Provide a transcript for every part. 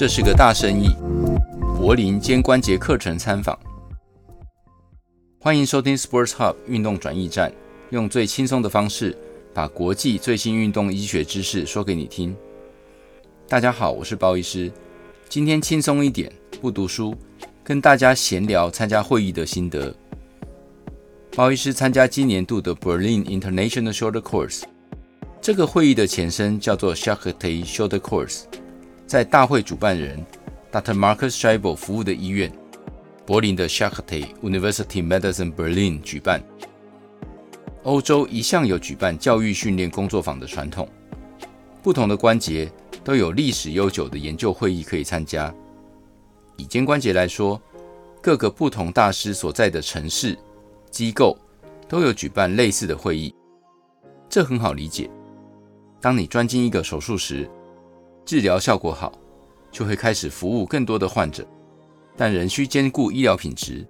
這是個大生意。柏林肩關節課程參訪。歡迎收聽 Sports Hub 運動轉驛站，用最輕鬆的方式把國際最新運動醫學知識說給你聽。大家好，我是包醫師。今天輕鬆一點，不讀書，跟大家閒聊參加會議的心得。包醫師參加今年度的 Berlin International Shoulder Course，這個會議的前身叫做 Charité Shoulder Course。在大會主辦人 Dr. Marcus Schreiber 服務的醫院，柏林的 Charité University Medicine Berlin 舉辦。歐洲一向有舉辦教育訓練工作坊的傳統，不同的關節都有歷史悠久的研究會議可以參加。以肩關節來說，各個不同大師所在的城市機構都有舉辦類似的會議。這很好理解。當你專精一個手術時，治療效果好，就會開始服務更多的患者，但仍需兼顧醫療品質，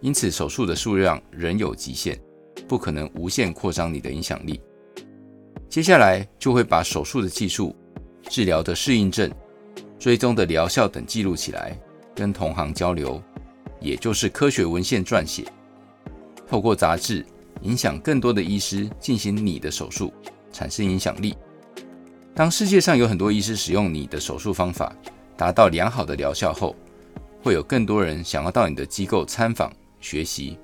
因此手術的數量仍有極限，不可能無限擴張你的影響力。接下來就會把手術的技術、治療的適應症、追蹤的療效等記錄起來，跟同行交流，也就是科學文獻撰寫，透過雜誌影響更多的醫師進行你的手術，產生影響力。當世界上有很多醫師使用你的手術方法達到良好的療效後，會有更多人想要到你的機構參訪學習，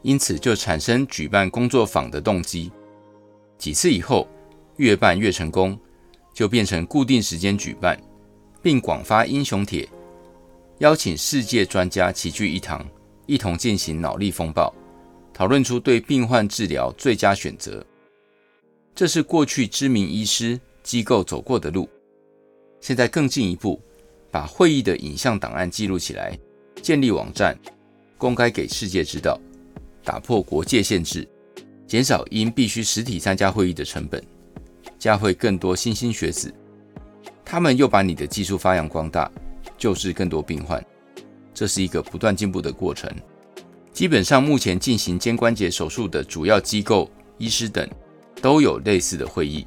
因此就產生舉辦工作坊的動機。幾次以後，越辦越成功，就變成固定時間舉辦，並廣發英雄帖，邀請世界專家齊聚一堂，一同進行腦力風暴，討論出對病患治療最佳選擇。這是過去知名醫師、機構走過的路，現在更進一步，把會議的影像檔案記錄起來，建立網站，公開給世界知道，打破國界限制，減少因必須實體參加會議的成本，教會更多新興學子，他們又把你的技術發揚光大，救治更多病患，這是一個不斷進步的過程。基本上，目前進行肩關節手術的主要機構、醫師等，都有類似的會議。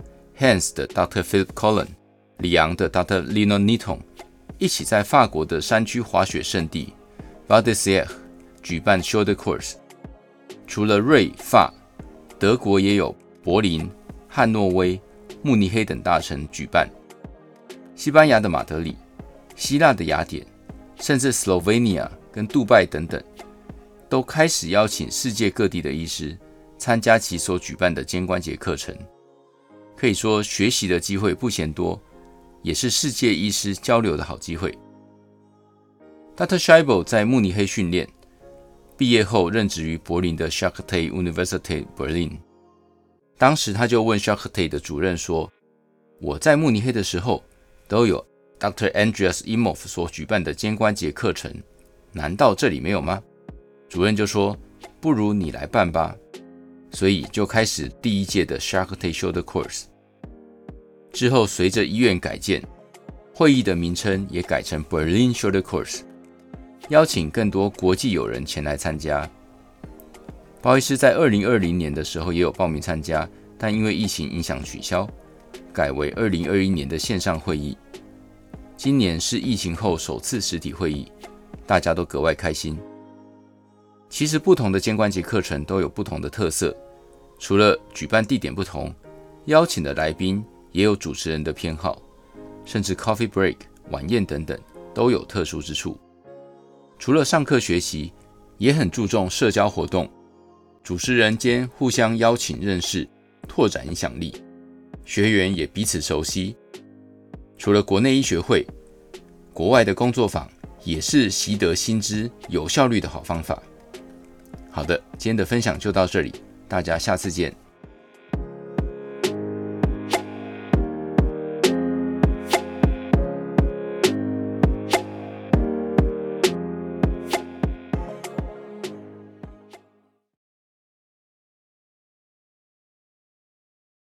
瑞士的 Dr. Philip Collin、里昂的 Dr. Lino Nitton 一起在法國的山區滑雪聖地 Val d'Isère 舉辦 Shoulder Course。除了瑞、法，德國也有柏林、漢諾威、慕尼黑等大城舉辦。西班牙的馬德里、希臘的雅典，甚至 Slovenia 跟杜拜等等，都開始邀請世界各地的醫師參加其所舉辦的肩關節課程。可以說學習的機會不嫌多，也是世界醫師交流的好機會。Dr. Scheibel 在慕尼黑訓練，畢業後任職於柏林的 Charité University Berlin。當時他就問 Charité 的主任說：“我在慕尼黑的時候都有 Dr. Andreas Imhoff 所舉辦的肩關節課程，難道這裡沒有嗎？”主任就說：“不如你來辦吧。”所以就開始第一屆的 Charité Shoulder Course。之後，隨着醫院改建，會議的名稱也改成 Berlin Shoulder Course，邀請更多國際友人前來參加。包醫師在二零二零年的時候也有報名參加，但因為疫情影響取消，改為二零二一年的線上會議。今年是疫情後首次實體會議，大家都格外開心。其實，不同的肩關節課程都有不同的特色，除了舉辦地點不同，邀請的來賓。也有主持人的偏好，甚至 coffee break、晚宴等等都有特殊之處。除了上課學習，也很注重社交活動，主持人間互相邀請認識，拓展影響力，學員也彼此熟悉。除了國內醫學會，國外的工作坊也是習得新知、有效率的好方法。好的，今天的分享就到這裡，大家下次見。